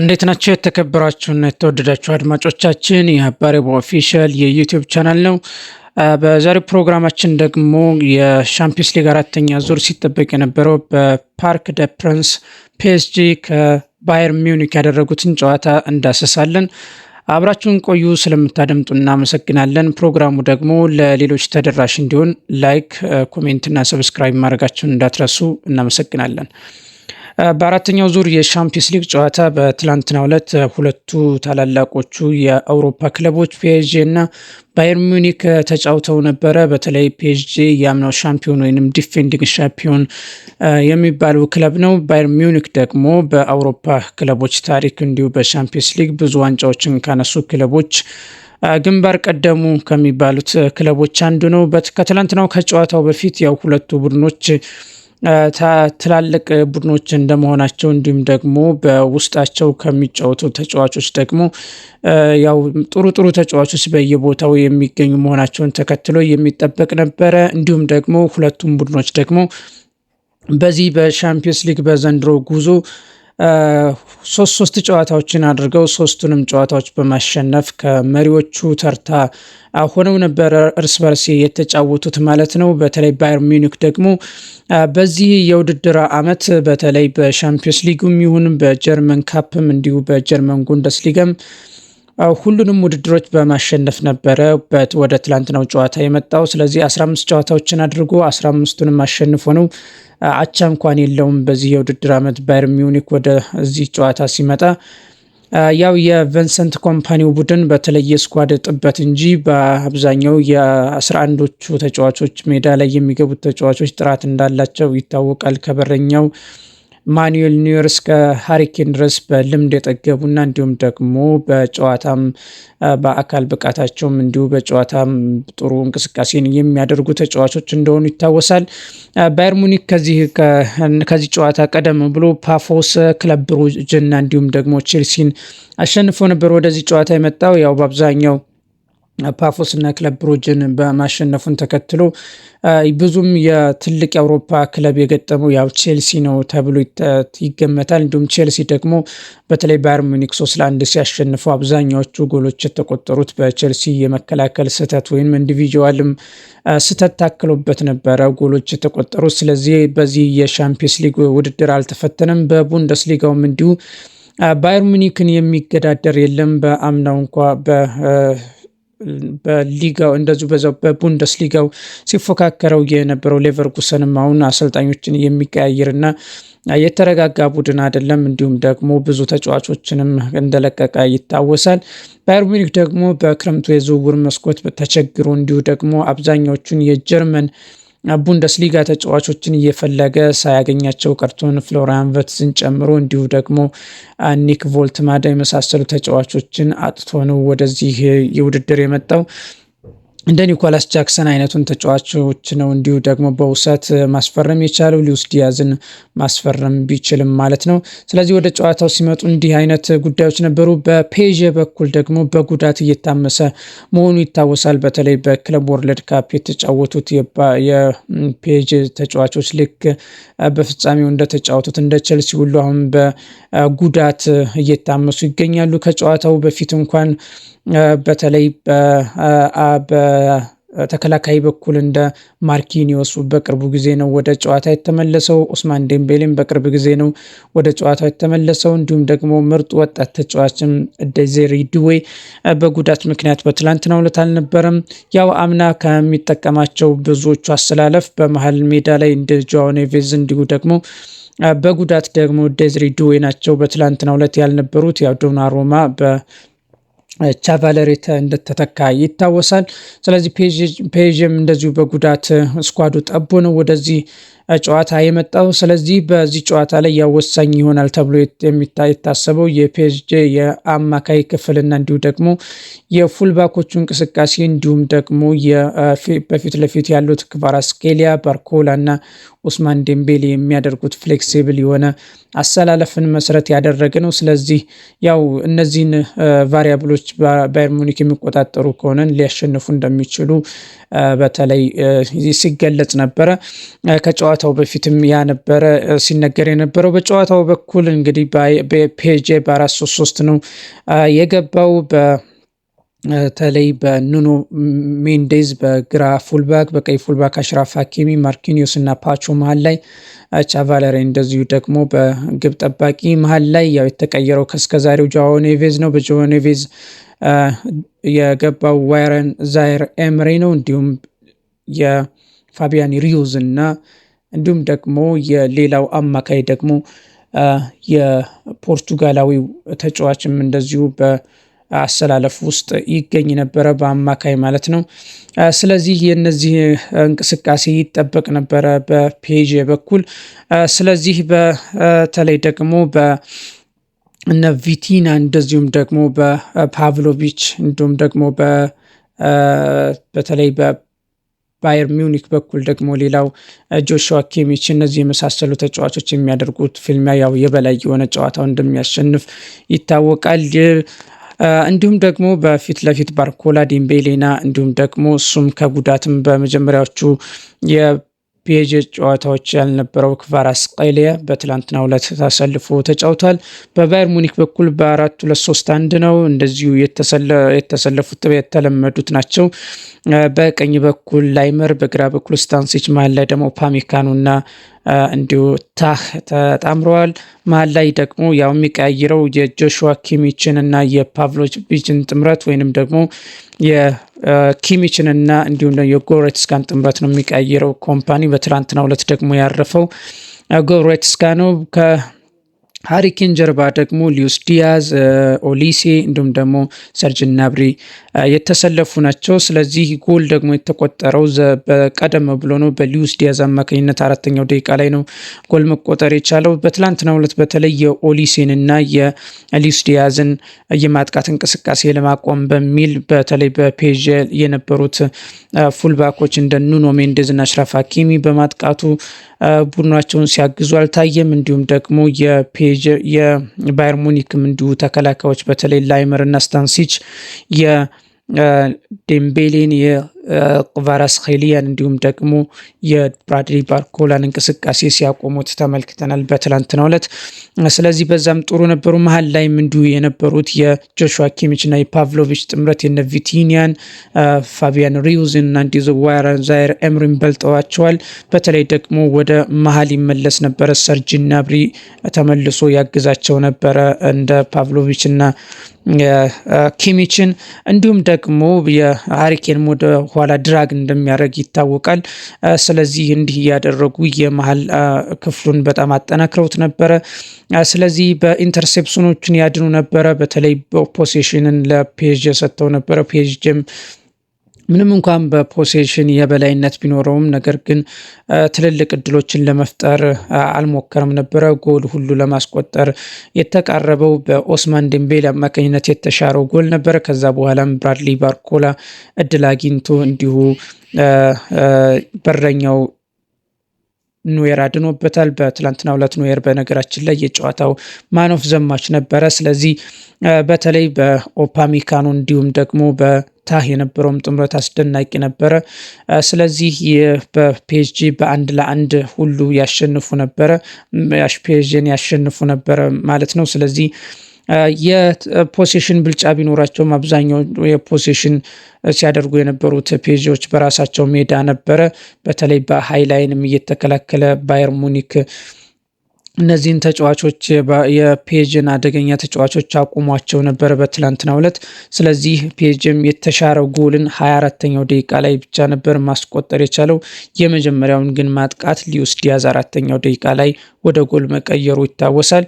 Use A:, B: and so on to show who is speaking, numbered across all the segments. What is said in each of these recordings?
A: እንዴት ናቸው የተከበራችሁና የተወደዳችሁ አድማጮቻችን? የአባሬቦ ኦፊሻል የዩቲዩብ ቻናል ነው። በዛሬው ፕሮግራማችን ደግሞ የሻምፒዮንስ ሊግ አራተኛ ዙር ሲጠበቅ የነበረው በፓርክ ደ ፕረንስ ፒኤስጂ ከባየር ሚዩኒክ ያደረጉትን ጨዋታ እንዳሰሳለን። አብራችሁን ቆዩ። ስለምታደምጡ እናመሰግናለን። ፕሮግራሙ ደግሞ ለሌሎች ተደራሽ እንዲሆን ላይክ፣ ኮሜንትና ሰብስክራይብ ማድረጋችሁን እንዳትረሱ እናመሰግናለን። በአራተኛው ዙር የሻምፒዮንስ ሊግ ጨዋታ በትላንትናው ዕለት ሁለቱ ታላላቆቹ የአውሮፓ ክለቦች ፒኤስጂ እና ባየር ሙኒክ ተጫውተው ነበረ። በተለይ ፒኤስጂ የአምናው ሻምፒዮን ወይም ዲፌንዲንግ ሻምፒዮን የሚባለው ክለብ ነው። ባየር ሙኒክ ደግሞ በአውሮፓ ክለቦች ታሪክ እንዲሁ በሻምፒዮንስ ሊግ ብዙ ዋንጫዎችን ካነሱ ክለቦች ግንባር ቀደሙ ከሚባሉት ክለቦች አንዱ ነው። ከትላንትናው ከጨዋታው በፊት ያው ሁለቱ ቡድኖች ትላልቅ ቡድኖች እንደመሆናቸው እንዲሁም ደግሞ በውስጣቸው ከሚጫወቱ ተጫዋቾች ደግሞ ያው ጥሩ ጥሩ ተጫዋቾች በየቦታው የሚገኙ መሆናቸውን ተከትሎ የሚጠበቅ ነበረ። እንዲሁም ደግሞ ሁለቱም ቡድኖች ደግሞ በዚህ በሻምፒዮንስ ሊግ በዘንድሮ ጉዞ ሶስት ሶስት ጨዋታዎችን አድርገው ሶስቱንም ጨዋታዎች በማሸነፍ ከመሪዎቹ ተርታ ሆነው ነበረ እርስ በርስ የተጫወቱት ማለት ነው። በተለይ ባየር ሚኒክ ደግሞ በዚህ የውድድር ዓመት በተለይ በሻምፒዮንስ ሊጉም ይሁን በጀርመን ካፕም እንዲሁ በጀርመን ጉንደስ ሊገም ሁሉንም ውድድሮች በማሸነፍ ነበረ ወደ ትላንትናው ጨዋታ የመጣው። ስለዚህ 15 ጨዋታዎችን አድርጎ 15ቱንም አሸንፎ ነው። አቻ እንኳን የለውም በዚህ የውድድር ዓመት ባየር ሚዩኒክ ወደዚህ ጨዋታ ሲመጣ ያው የቨንሰንት ኮምፓኒው ቡድን በተለየ ስኳድ ጥበት እንጂ በአብዛኛው የ 11 ተጫዋቾች ሜዳ ላይ የሚገቡት ተጫዋቾች ጥራት እንዳላቸው ይታወቃል። ከበረኛው ማኑኤል ኒውየር እስከ ሀሪኬን ድረስ በልምድ የጠገቡና እንዲሁም ደግሞ በጨዋታም በአካል ብቃታቸውም እንዲሁ በጨዋታም ጥሩ እንቅስቃሴን የሚያደርጉ ተጫዋቾች እንደሆኑ ይታወሳል። ባየር ሙኒክ ከዚህ ጨዋታ ቀደም ብሎ ፓፎስ ክለብ ብሩጅና እንዲሁም ደግሞ ቼልሲን አሸንፎ ነበር ወደዚህ ጨዋታ የመጣው ያው በአብዛኛው ፓፎስ እና ክለብ ብሩጅን በማሸነፉን ተከትሎ ብዙም የትልቅ የአውሮፓ ክለብ የገጠመው ያው ቼልሲ ነው ተብሎ ይገመታል። እንዲሁም ቼልሲ ደግሞ በተለይ ባየር ሙኒክ ሶስት ለአንድ ሲያሸንፈው አብዛኛዎቹ ጎሎች የተቆጠሩት በቼልሲ የመከላከል ስህተት ወይም ኢንዲቪዥዋልም ስህተት ታክሎበት ነበረ ጎሎች የተቆጠሩት። ስለዚህ በዚህ የሻምፒየንስ ሊግ ውድድር አልተፈተነም። በቡንደስሊጋውም እንዲሁ ባየር ሙኒክን የሚገዳደር የለም። በአምናው እንኳ በሊጋው እንደዚሁ በዛው በቡንደስ ሊጋው ሲፎካከረው የነበረው ሌቨርኩሰንም አሁን አሰልጣኞችን የሚቀያይርና የተረጋጋ ቡድን አይደለም። እንዲሁም ደግሞ ብዙ ተጫዋቾችንም እንደለቀቀ ይታወሳል። ባየር ሙኒክ ደግሞ በክረምቱ የዝውውር መስኮት ተቸግሮ እንዲሁ ደግሞ አብዛኛዎቹን የጀርመን ቡንደስሊጋ ተጫዋቾችን እየፈለገ ሳያገኛቸው ቀርቶን ፍሎሪያን ቨትዝን ጨምሮ እንዲሁ ደግሞ ኒክ ቮልትማዳ የመሳሰሉ ተጫዋቾችን አጥቶ ነው ወደዚህ የውድድር የመጣው። እንደ ኒኮላስ ጃክሰን አይነቱን ተጫዋቾች ነው እንዲሁ ደግሞ በውሰት ማስፈረም የቻለው ሉዊስ ዲያዝን ማስፈረም ቢችልም ማለት ነው። ስለዚህ ወደ ጨዋታው ሲመጡ እንዲህ አይነት ጉዳዮች ነበሩ። በፔዥ በኩል ደግሞ በጉዳት እየታመሰ መሆኑ ይታወሳል። በተለይ በክለብ ወርልድ ካፕ የተጫወቱት የፔዥ ተጫዋቾች ልክ በፍጻሜው እንደተጫወቱት እንደ ቼልሲ ሁሉ አሁን በጉዳት እየታመሱ ይገኛሉ። ከጨዋታው በፊት እንኳን በተለይ ተከላካይ በኩል እንደ ማርኪኒዮስ በቅርቡ ጊዜ ነው ወደ ጨዋታ የተመለሰው። ኡስማን ዴምቤሌም በቅርብ ጊዜ ነው ወደ ጨዋታ የተመለሰው። እንዲሁም ደግሞ ምርጥ ወጣት ተጫዋችም ደዜሪ ድዌ በጉዳት ምክንያት በትላንትናው ዕለት አልነበረም። ያው አምና ከሚጠቀማቸው ብዙዎቹ አሰላለፍ በመሀል ሜዳ ላይ እንደ ጆአዎ ኔቬዝ እንዲሁ ደግሞ በጉዳት ደግሞ ደዝሪ ድዌ ናቸው። በትላንትናው ዕለት ያልነበሩት ያው ዶናሩማ ቻቫለሪት እንደተተካ ይታወሳል። ስለዚህ ፔዥም እንደዚሁ በጉዳት ስኳዱ ጠቦ ነው ወደዚህ ጨዋታ የመጣው። ስለዚህ በዚህ ጨዋታ ላይ ያው ወሳኝ ይሆናል ተብሎ የታሰበው የፒኤስጄ የአማካይ ክፍልና እንዲሁ ደግሞ የፉልባኮቹ እንቅስቃሴ እንዲሁም ደግሞ በፊት ለፊት ያሉት ክቫራስኬሊያ፣ ባርኮላ እና ኡስማን ዴምቤሌ የሚያደርጉት ፍሌክሲብል የሆነ አሰላለፍን መሰረት ያደረገ ነው። ስለዚህ ያው እነዚህን ቫሪያብሎች ባየር ሙኒክ የሚቆጣጠሩ ከሆነ ሊያሸንፉ እንደሚችሉ በተለይ ሲገለጽ ነበረ ከጨዋ ከጨዋታው በፊትም ያነበረ ሲነገር የነበረው በጨዋታው በኩል እንግዲህ በፔጄ በአራት ሶስት ሶስት ነው የገባው በተለይ በኑኖ ሜንዴዝ በግራ ፉልባክ፣ በቀይ ፉልባክ አሽራፍ ሀኪሚ፣ ማርኪኒዮስ እና ፓቾ መሀል ላይ ቻቫለሬ እንደዚሁ ደግሞ በግብ ጠባቂ መሀል ላይ ያው የተቀየረው ከስከዛሬው ጆኔቬዝ ነው በጆኔቬዝ የገባው ዋይረን ዛይር ኤምሪ ነው እንዲሁም የፋቢያን ሪዩዝ እና እንዲሁም ደግሞ የሌላው አማካይ ደግሞ የፖርቱጋላዊው ተጫዋችም እንደዚሁ በአሰላለፍ ውስጥ ይገኝ ነበረ፣ በአማካይ ማለት ነው። ስለዚህ የነዚህ እንቅስቃሴ ይጠበቅ ነበረ በፔጄ በኩል። ስለዚህ በተለይ ደግሞ በ እነ ቪቲና እንደዚሁም ደግሞ በፓቭሎቪች እንዲሁም ደግሞ በተለይ ባየር ሚውኒክ በኩል ደግሞ ሌላው ጆሹዋ ኪሚች እነዚህ የመሳሰሉ ተጫዋቾች የሚያደርጉት ፊልሚያ ያው የበላይ የሆነ ጨዋታው እንደሚያሸንፍ ይታወቃል። እንዲሁም ደግሞ በፊት ለፊት ባርኮላ ዲምቤሌና እንዲሁም ደግሞ እሱም ከጉዳትም በመጀመሪያዎቹ ቤጀት ጨዋታዎች ያልነበረው ክቫራስ ቀሊያ በትላንትናው ዕለት ተሰልፎ ተጫውቷል። በባየር ሙኒክ በኩል በአራት ሁለት ሶስት አንድ ነው እንደዚሁ የተሰለፉት የተለመዱት ናቸው። በቀኝ በኩል ላይመር፣ በግራ በኩል ስታንሲች፣ መሀል ላይ ደግሞ ፓሚካኑ እና እንዲሁ ታህ ተጣምረዋል። መሀል ላይ ደግሞ ያው የሚቀያይረው የጆሹዋ ኪሚችን እና የፓቭሎች ቢችን ጥምረት ወይንም ደግሞ የኪሚችን እና እንዲሁም የጎረትስካን ጥምረት ነው የሚቀያይረው። ኮምፓኒ በትላንትናው ዕለት ደግሞ ያረፈው ጎረትስካ ነው። ሃሪኬን ጀርባ ደግሞ ሊዩስ ዲያዝ፣ ኦሊሴ እንዲሁም ደግሞ ሰርጅን ናብሪ የተሰለፉ ናቸው። ስለዚህ ጎል ደግሞ የተቆጠረው በቀደም ብሎ ነው በሊዩስ ዲያዝ አማካኝነት አራተኛው ደቂቃ ላይ ነው ጎል መቆጠር የቻለው። በትላንትናው ዕለት በተለይ የኦሊሴን እና የሊዩስ ዲያዝን የማጥቃት እንቅስቃሴ ለማቆም በሚል በተለይ በፔዥ የነበሩት ፉልባኮች እንደ ኑኖ ሜንዴዝ እና አሽራፍ ሀኪሚ በማጥቃቱ ቡድናቸውን ሲያግዙ አልታየም። እንዲሁም ደግሞ የፔ የባየር ሙኒክም እንዲሁ ተከላካዮች በተለይ ላይመር እና ስታንሲች ዴምቤሌን የክቫራትስኬሊያን እንዲሁም ደግሞ የብራድሊ ባርኮላን እንቅስቃሴ ሲያቆሙት ተመልክተናል በትላንትናው ዕለት። ስለዚህ በዛም ጥሩ ነበሩ። መሀል ላይም እንዲሁ የነበሩት የጆሹዋ ኪሚች እና የፓቭሎቪች ጥምረት የነ ቪቲኒያን፣ ፋቢያን ሪዩዝን እና እንዲዞ ዋይራን ዛይር ኤምሪን በልጠዋቸዋል። በተለይ ደግሞ ወደ መሀል ይመለስ ነበረ። ሰርጅ ናብሪ ተመልሶ ያግዛቸው ነበረ እንደ ፓቭሎቪች እና ኪሚችን እንዲሁም ደግሞ የሀሪኬን ወደ ኋላ ድራግ እንደሚያደርግ ይታወቃል። ስለዚህ እንዲህ እያደረጉ የመሀል ክፍሉን በጣም አጠናክረውት ነበረ። ስለዚህ በኢንተርሴፕሽኖችን ያድኑ ነበረ። በተለይ ፖሴሽንን ለፔጅ ሰጥተው ነበረ። ፔጅም ምንም እንኳን በፖሴሽን የበላይነት ቢኖረውም ነገር ግን ትልልቅ እድሎችን ለመፍጠር አልሞከረም ነበረ። ጎል ሁሉ ለማስቆጠር የተቃረበው በኦስማን ድንቤል አማካኝነት የተሻረው ጎል ነበረ። ከዛ በኋላም ብራድሊ ባርኮላ እድል አግኝቶ እንዲሁ በረኛው ኑዌር አድኖበታል። በትላንትና ሁለት ኑዌር በነገራችን ላይ የጨዋታው ማኖፍ ዘማች ነበረ። ስለዚህ በተለይ በኦፓሚካኑ እንዲሁም ደግሞ በ በርታ። የነበረውም ጥምረት አስደናቂ ነበረ። ስለዚህ በፒኤስጂ በአንድ ለአንድ ሁሉ ያሸንፉ ነበረ፣ ፒኤስጂን ያሸንፉ ነበረ ማለት ነው። ስለዚህ የፖሴሽን ብልጫ ቢኖራቸውም አብዛኛው የፖሴሽን ሲያደርጉ የነበሩት ፔጂዎች በራሳቸው ሜዳ ነበረ። በተለይ በሀይላይንም እየተከላከለ ባየር ሙኒክ እነዚህን ተጫዋቾች የፔጅን አደገኛ ተጫዋቾች አቁሟቸው ነበር በትላንትናው ዕለት። ስለዚህ ፔጅም የተሻረ ጎልን 24 ደቂቃ ላይ ብቻ ነበር ማስቆጠር የቻለው። የመጀመሪያውን ግን ማጥቃት ሉዊስ ዲያዝ አራተኛው ደቂቃ ላይ ወደ ጎል መቀየሩ ይታወሳል።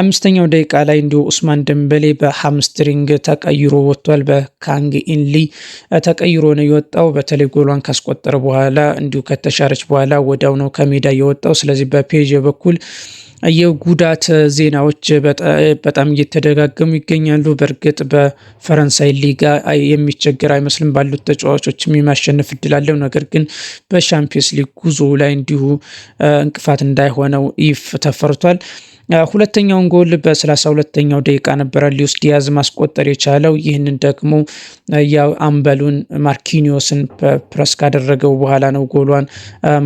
A: አምስተኛው ደቂቃ ላይ እንዲሁ ኡስማን ደንበሌ በሃምስትሪንግ ተቀይሮ ወጥቷል። በካንግ ኢንሊ ተቀይሮ ነው የወጣው። በተለይ ጎሏን ካስቆጠረ በኋላ እንዲሁ ከተሻረች በኋላ ወዲያው ነው ከሜዳ የወጣው። ስለዚህ በፔጅ በኩል የጉዳት ዜናዎች በጣም እየተደጋገሙ ይገኛሉ። በእርግጥ በፈረንሳይ ሊጋ የሚቸገር አይመስልም። ባሉት ተጫዋቾችም የማሸነፍ እድል አለው። ነገር ግን በሻምፒየንስ ሊግ ጉዞ ላይ እንዲሁ እንቅፋት እንዳይሆነው ይፍ ተፈርቷል። ሁለተኛውን ጎል በሰላሳ ሁለተኛው ደቂቃ ነበረ ሊዩስ ዲያዝ ማስቆጠር የቻለው። ይህንን ደግሞ አምበሉን ማርኪኒዮስን ፕረስ ካደረገው በኋላ ነው ጎሏን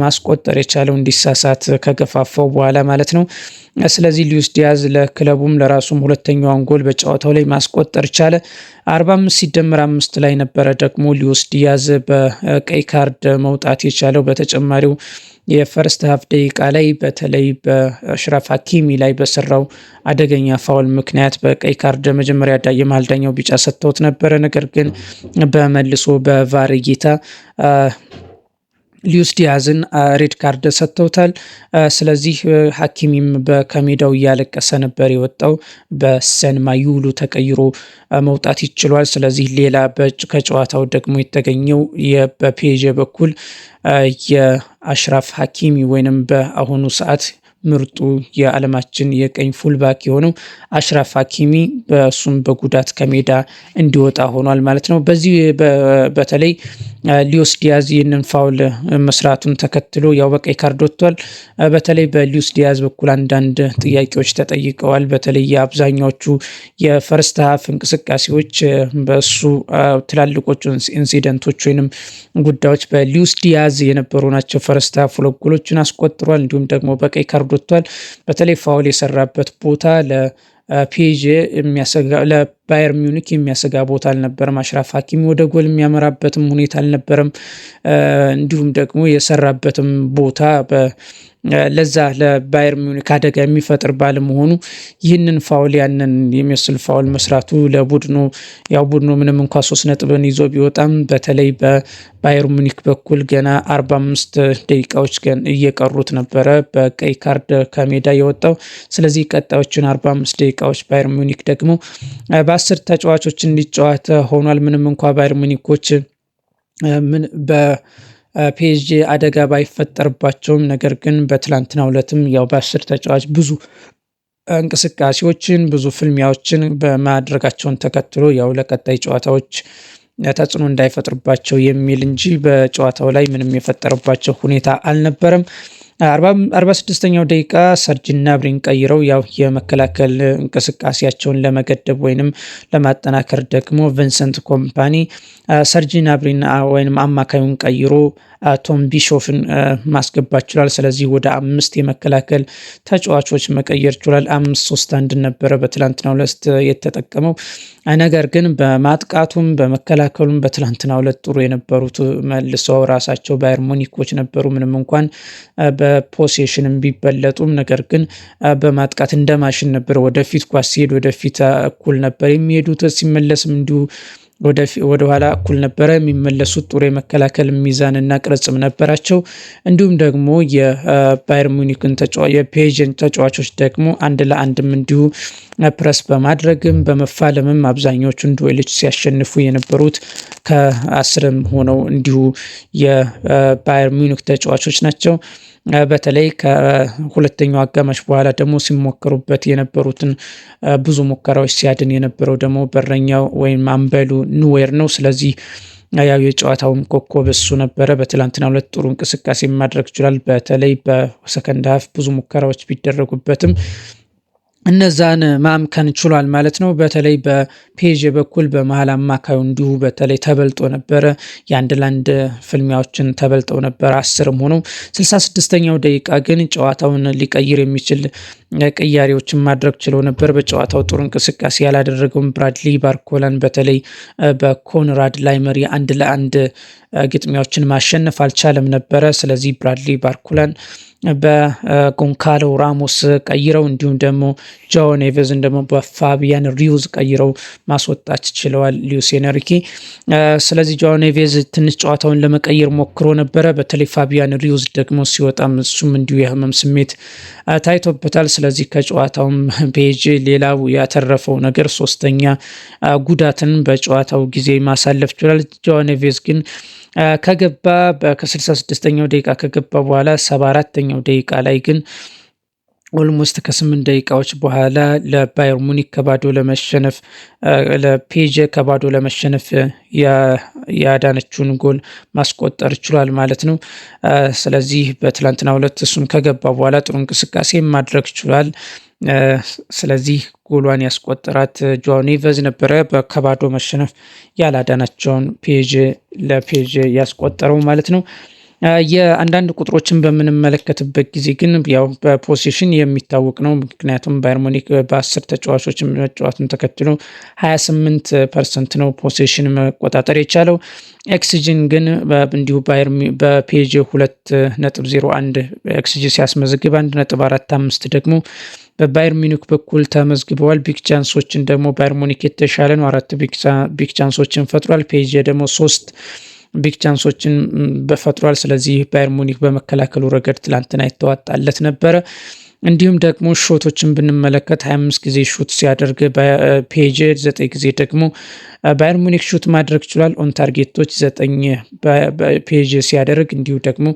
A: ማስቆጠር የቻለው እንዲሳሳት ከገፋፋው በኋላ ማለት ነው። ስለዚህ ሊዩስ ዲያዝ ለክለቡም ለራሱም ሁለተኛውን ጎል በጨዋታው ላይ ማስቆጠር ቻለ። 45 አምስት ሲደመር አምስት ላይ ነበረ ደግሞ ሊዩስ ዲያዝ በቀይ ካርድ መውጣት የቻለው በተጨማሪው የፈርስት ሀፍ ደቂቃ ላይ በተለይ በአሽራፍ ሀኪሚ ላይ በሰራው አደገኛ ፋውል ምክንያት በቀይ ካርድ መጀመሪያ የመሀል ዳኛው ቢጫ ሰጥተውት ነበረ። ነገር ግን በመልሶ በቫር እይታ ሊዩስ ዲያዝን ሬድ ካርድ ሰጥተውታል። ስለዚህ ሐኪሚም ከሜዳው እያለቀሰ ነበር የወጣው። በሰን ማዩሉ ተቀይሮ መውጣት ይችሏል። ስለዚህ ሌላ ከጨዋታው ደግሞ የተገኘው በፔዥ በኩል የአሽራፍ ሐኪሚ ወይንም በአሁኑ ሰዓት ምርጡ የዓለማችን የቀኝ ፉልባክ የሆነው አሽራፍ ሀኪሚ በሱም በጉዳት ከሜዳ እንዲወጣ ሆኗል ማለት ነው። በዚህ በተለይ ሊዮስ ዲያዝ ይህንን ፋውል መስራቱን ተከትሎ ያው በቀይ ካርድ ወጥቷል። በተለይ በሊዮስ ዲያዝ በኩል አንዳንድ ጥያቄዎች ተጠይቀዋል። በተለይ የአብዛኛዎቹ የፈርስት ሀፍ እንቅስቃሴዎች በሱ ትላልቆቹ ኢንሲደንቶች ወይንም ጉዳዮች በሊዮስ ዲያዝ የነበሩ ናቸው። ፈርስት ሀፍ ሁለት ጎሎችን አስቆጥሯል። እንዲሁም ደግሞ በቀይ ካርዶ ወጥቷል። በተለይ ፋውል የሰራበት ቦታ ለ ባየር ሚዩኒክ የሚያሰጋ ቦታ አልነበረም። አሽራፍ ሀኪሚ ወደ ጎል የሚያመራበትም ሁኔታ አልነበረም። እንዲሁም ደግሞ የሰራበትም ቦታ ለዛ ለባየር ሚዩኒክ አደጋ የሚፈጥር ባለመሆኑ ይህንን ፋውል ያንን የሚመስል ፋውል መስራቱ ለቡድኑ ያው ቡድኑ ምንም እንኳ ሶስት ነጥብን ይዞ ቢወጣም በተለይ በባየር ሚዩኒክ በኩል ገና አርባ አምስት ደቂቃዎች እየቀሩት ነበረ በቀይ ካርድ ከሜዳ የወጣው። ስለዚህ ቀጣዮችን አርባ አምስት ደቂቃዎች ባየር ሚዩኒክ ደግሞ አስር ተጫዋቾች እንዲጫወት ሆኗል። ምንም እንኳ ባየር ሙኒኮች ምን በፒኤስጂ አደጋ ባይፈጠርባቸውም ነገር ግን በትላንትና ዕለትም ያው በአስር ተጫዋች ብዙ እንቅስቃሴዎችን ብዙ ፍልሚያዎችን በማድረጋቸውን ተከትሎ ያው ለቀጣይ ጨዋታዎች ተጽዕኖ እንዳይፈጥርባቸው የሚል እንጂ በጨዋታው ላይ ምንም የፈጠረባቸው ሁኔታ አልነበረም። አርባ ስድስተኛው ደቂቃ ሰርጅና ብሪን ቀይረው ያው የመከላከል እንቅስቃሴያቸውን ለመገደብ ወይንም ለማጠናከር ደግሞ ቪንሰንት ኮምፓኒ ሰርጅና ብሪን ወይንም አማካዩን ቀይሮ ቶም ቢሾፍን ማስገባት ችሏል። ስለዚህ ወደ አምስት የመከላከል ተጫዋቾች መቀየር ችሏል። አምስት ሶስት አንድ ነበረ በትላንትና ሁለት የተጠቀመው። ነገር ግን በማጥቃቱም በመከላከሉም በትላንትና ሁለት ጥሩ የነበሩት መልሰው ራሳቸው ባየር ሙኒኮች ነበሩ። ምንም እንኳን በፖሴሽንም ቢበለጡም ነገር ግን በማጥቃት እንደ ማሽን ነበር ወደፊት ኳስ ሲሄድ ወደፊት እኩል ነበር የሚሄዱት ሲመለስም እንዲሁ ወደ ኋላ እኩል ነበረ። የሚመለሱት ጥሩ የመከላከል ሚዛንና ቅርጽም ነበራቸው። እንዲሁም ደግሞ የባየር ሙኒክን የፔዥን ተጫዋቾች ደግሞ አንድ ለአንድም እንዲሁ ፕረስ በማድረግም በመፋለምም አብዛኛዎቹን ዱዌሎች ሲያሸንፉ የነበሩት ከአስርም ሆነው እንዲሁ የባየር ሙኒክ ተጫዋቾች ናቸው። በተለይ ከሁለተኛው አጋማሽ በኋላ ደግሞ ሲሞከሩበት የነበሩትን ብዙ ሙከራዎች ሲያድን የነበረው ደግሞ በረኛው ወይም አምበሉ ኑዌር ነው። ስለዚህ ያው የጨዋታውን ኮከብ እሱ ነበረ። በትላንትና ሁለት ጥሩ እንቅስቃሴ ማድረግ ይችላል። በተለይ በሰከንድ ሀፍ ብዙ ሙከራዎች ቢደረጉበትም እነዛን ማምከን ችሏል ማለት ነው። በተለይ በፔዥ በኩል በመሀል አማካዩ እንዲሁ በተለይ ተበልጦ ነበረ። የአንድ ላንድ ፍልሚያዎችን ተበልጠው ነበረ አስርም ሆነው ስልሳ ስድስተኛው ደቂቃ ግን ጨዋታውን ሊቀይር የሚችል ቅያሬዎችን ማድረግ ችለው ነበር። በጨዋታው ጥሩ እንቅስቃሴ ያላደረገውን ብራድሊ ባርኮላን በተለይ በኮንራድ ላይመር አንድ ለአንድ ግጥሚያዎችን ማሸነፍ አልቻለም ነበረ። ስለዚህ ብራድሊ ባርኩለን በጎንካሎ ራሞስ ቀይረው እንዲሁም ደግሞ ጆ ኔቬዝን ደግሞ በፋቢያን ሪዩዝ ቀይረው ማስወጣት ችለዋል ሉዊስ ኤንሪኬ። ስለዚህ ጆ ትንሽ ጨዋታውን ለመቀየር ሞክሮ ነበረ። በተለይ ፋቢያን ሪዩዝ ደግሞ ሲወጣም እሱም እንዲሁ የህመም ስሜት ታይቶበታል። ስለዚህ ከጨዋታውም ቤጅ ሌላው ያተረፈው ነገር ሶስተኛ ጉዳትን በጨዋታው ጊዜ ማሳለፍ ችሏል። ጆ ኔቬዝ ግን ከገባ ከ66ኛው ደቂቃ ከገባ በኋላ 74ኛው ደቂቃ ላይ ግን ኦልሞስት ከስምንት ደቂቃዎች በኋላ ለባየር ሙኒክ ከባዶ ለመሸነፍ ለፔጀ ከባዶ ለመሸነፍ ያዳነችውን ጎል ማስቆጠር ችሏል ማለት ነው። ስለዚህ በትላንትና ሁለት እሱም ከገባ በኋላ ጥሩ እንቅስቃሴ ማድረግ ችሏል። ስለዚህ ጎሏን ያስቆጠራት ጆዋን ኔቨዝ ነበረ በከባዶ መሸነፍ ያላዳናቸውን ፔጀ ለፔጀ ያስቆጠረው ማለት ነው። የአንዳንድ ቁጥሮችን በምንመለከትበት ጊዜ ግን ያው በፖሲሽን የሚታወቅ ነው። ምክንያቱም ባየር ሙኒክ በአስር ተጫዋቾች መጫወትን ተከትሎ 28 ፐርሰንት ነው ፖሲሽን መቆጣጠር የቻለው። ኤክስጂን ግን እንዲሁ በፔጅ 2.01 ኤክስጂ ሲያስመዘግብ 1.45 ደግሞ በባየር ሚኒክ በኩል ተመዝግበዋል። ቢግ ቻንሶችን ደግሞ ባየር ሙኒክ የተሻለ ነው። አራት ቢግ ቻንሶችን ፈጥሯል። ፔጅ ደግሞ ሶስት ቢግ ቻንሶችን በፈጥሯል። ስለዚህ ባየር ሙኒክ በመከላከሉ ረገድ ትላንትና የተዋጣለት ነበረ። እንዲሁም ደግሞ ሾቶችን ብንመለከት 25 ጊዜ ሹት ሲያደርግ ፔጅ 9 ጊዜ ደግሞ ባየር ሙኒክ ሹት ማድረግ ችሏል። ኦን ታርጌቶች 9 ፔጅ ሲያደርግ እንዲሁ ደግሞ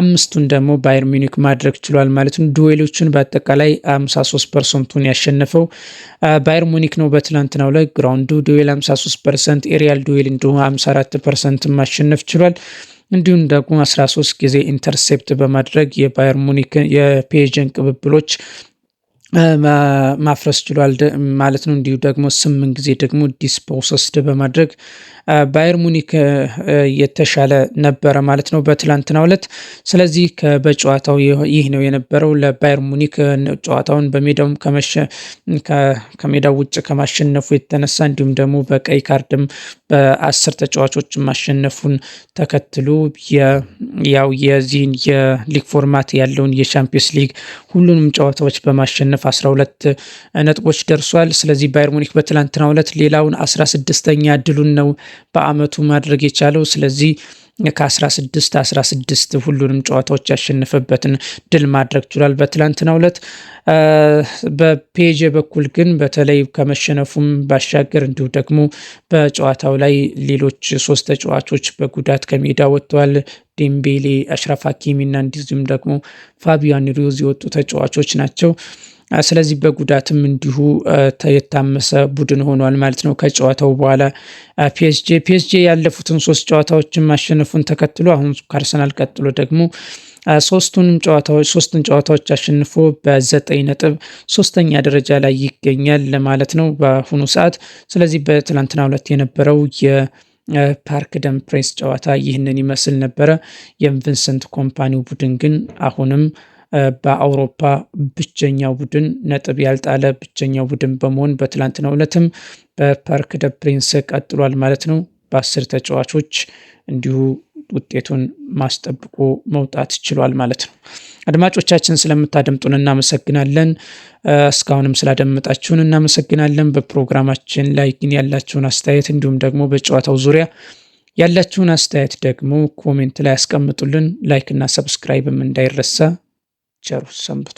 A: አምስቱን ደግሞ ባየር ሚኒክ ማድረግ ችሏል ማለት ነው። ዱዌሎቹን በአጠቃላይ 53 ፐርሰንቱን ያሸነፈው ባየር ሙኒክ ነው። በትላንትናው ላይ ግራውንዱ ዱዌል 53 ፐርሰንት፣ ኤሪያል ዱዌል እንዲሁም 54 ፐርሰንት ማሸነፍ ችሏል። እንዲሁም ደግሞ 13 ጊዜ ኢንተርሴፕት በማድረግ የባየር ሙኒክ የፔጅን ቅብብሎች ማፍረስ ችሏል ማለት ነው። እንዲሁ ደግሞ ስምንት ጊዜ ደግሞ ዲስፖሰስድ በማድረግ ባየር ሙኒክ የተሻለ ነበረ ማለት ነው በትላንትናው ዕለት። ስለዚህ በጨዋታው ይህ ነው የነበረው ለባየር ሙኒክ ጨዋታውን በሜዳውም ከሜዳው ውጭ ከማሸነፉ የተነሳ እንዲሁም ደግሞ በቀይ ካርድም በአስር ተጫዋቾች ማሸነፉን ተከትሎ ያው የዚህን የሊግ ፎርማት ያለውን የሻምፒዮንስ ሊግ ሁሉንም ጨዋታዎች በማሸነፍ 12 ነጥቦች ደርሷል። ስለዚህ ባየር ሙኒክ በትላንትናው ዕለት ሌላውን 16ኛ ድሉን ነው በአመቱ ማድረግ የቻለው። ስለዚህ ከ16 16 ሁሉንም ጨዋታዎች ያሸነፈበትን ድል ማድረግ ችሏል። በትላንትናው ዕለት በፔጄ በኩል ግን በተለይ ከመሸነፉም ባሻገር እንዲሁ ደግሞ በጨዋታው ላይ ሌሎች ሶስት ተጫዋቾች በጉዳት ከሜዳ ወጥተዋል። ዴምቤሌ፣ አሽራፍ ሀኪሚ እና እንደዚሁም ደግሞ ፋቢያን ሪዮዝ የወጡ ተጫዋቾች ናቸው። ስለዚህ በጉዳትም እንዲሁ የታመሰ ቡድን ሆኗል ማለት ነው። ከጨዋታው በኋላ ፒኤስጄ ፒኤስጄ ያለፉትን ሶስት ጨዋታዎችን ማሸነፉን ተከትሎ አሁን ከአርሰናል ቀጥሎ ደግሞ ሶስቱንም ጨዋታዎች ሶስቱን ጨዋታዎች አሸንፎ በዘጠኝ ነጥብ ሶስተኛ ደረጃ ላይ ይገኛል ለማለት ነው በአሁኑ ሰዓት። ስለዚህ በትላንትና ሁለት የነበረው ፓርክ ደም ፕሬስ ጨዋታ ይህንን ይመስል ነበረ። የቪንሰንት ኮምፓኒው ቡድን ግን አሁንም በአውሮፓ ብቸኛው ቡድን ነጥብ ያልጣለ ብቸኛው ቡድን በመሆን በትላንትናው ዕለትም በፓርክ ደ ፕሪንስ ቀጥሏል ማለት ነው። በአስር ተጫዋቾች እንዲሁ ውጤቱን ማስጠብቆ መውጣት ችሏል ማለት ነው። አድማጮቻችን ስለምታደምጡን እናመሰግናለን። እስካሁንም ስላደመጣችሁን እናመሰግናለን። በፕሮግራማችን ላይ ግን ያላችሁን አስተያየት እንዲሁም ደግሞ በጨዋታው ዙሪያ ያላችሁን አስተያየት ደግሞ ኮሜንት ላይ ያስቀምጡልን። ላይክ እና ሰብስክራይብም እንዳይረሳ። ቸር ሰንብቱ።